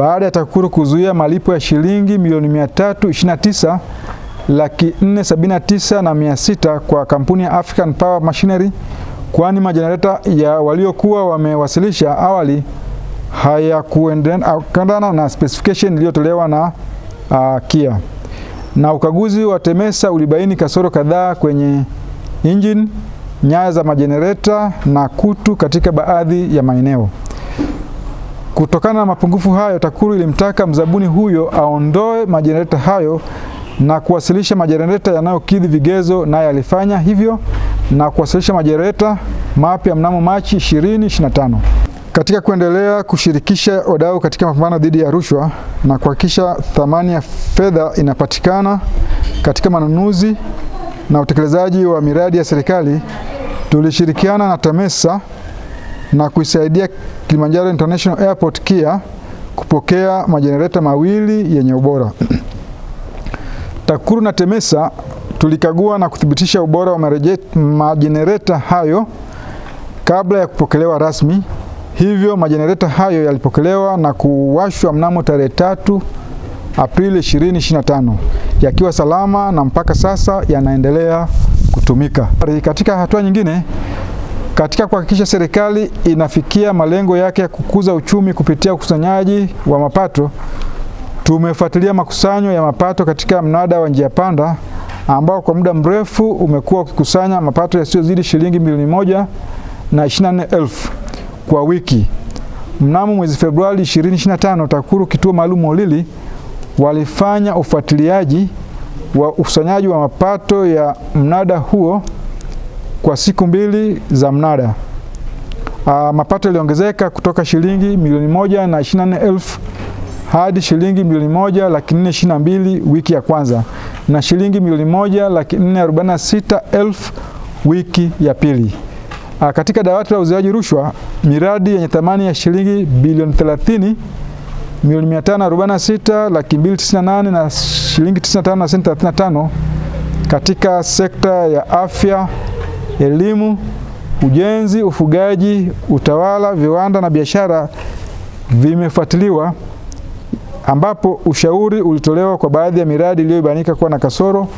baada ya TAKUKURU kuzuia malipo ya shilingi milioni 329 laki 479 na sita kwa kampuni ya African Power Machinery, kwani majenereta ya waliokuwa wamewasilisha awali hayakuendana na specification iliyotolewa na uh, KIA na ukaguzi wa TEMESA ulibaini kasoro kadhaa kwenye injini, nyaya za majenereta na kutu katika baadhi ya maeneo. Kutokana na mapungufu hayo, TAKUKURU ilimtaka mzabuni huyo aondoe majenereta hayo na kuwasilisha majenereta yanayokidhi vigezo, naye alifanya hivyo na kuwasilisha majenereta mapya mnamo Machi 2025. Katika kuendelea kushirikisha wadau katika mapambano dhidi ya rushwa na kuhakikisha thamani ya fedha inapatikana katika manunuzi na utekelezaji wa miradi ya serikali, tulishirikiana na TAMESA na kuisaidia Kilimanjaro International Airport KIA kupokea majenereta mawili yenye ubora. TAKUKURU na TEMESA tulikagua na kuthibitisha ubora wa majenereta hayo kabla ya kupokelewa rasmi. Hivyo majenereta hayo yalipokelewa na kuwashwa mnamo tarehe tatu Aprili 2025 yakiwa salama na mpaka sasa yanaendelea kutumika. Katika hatua nyingine katika kuhakikisha serikali inafikia malengo yake ya kukuza uchumi kupitia ukusanyaji wa mapato, tumefuatilia makusanyo ya mapato katika mnada wa njia panda ambao kwa muda mrefu umekuwa ukikusanya mapato yasiyozidi shilingi milioni moja na 24 elfu kwa wiki. Mnamo mwezi Februari 2025, TAKUKURU kituo maalum Olili walifanya ufuatiliaji wa ukusanyaji wa mapato ya mnada huo kwa siku mbili za mnada. Uh, mapato yaliongezeka kutoka shilingi milioni moja na ishirini na nne elfu hadi shilingi milioni moja laki nne ishirini na mbili wiki ya kwanza na shilingi milioni moja laki nne arobaini na sita elfu wiki ya pili. A, ah, katika dawati la uzuiaji rushwa miradi yenye thamani ya shilingi bilioni 30 milioni sita laki 298 na shilingi 95 na senti tano katika sekta ya afya elimu, ujenzi, ufugaji, utawala, viwanda na biashara vimefuatiliwa, ambapo ushauri ulitolewa kwa baadhi ya miradi iliyoibanika kuwa na kasoro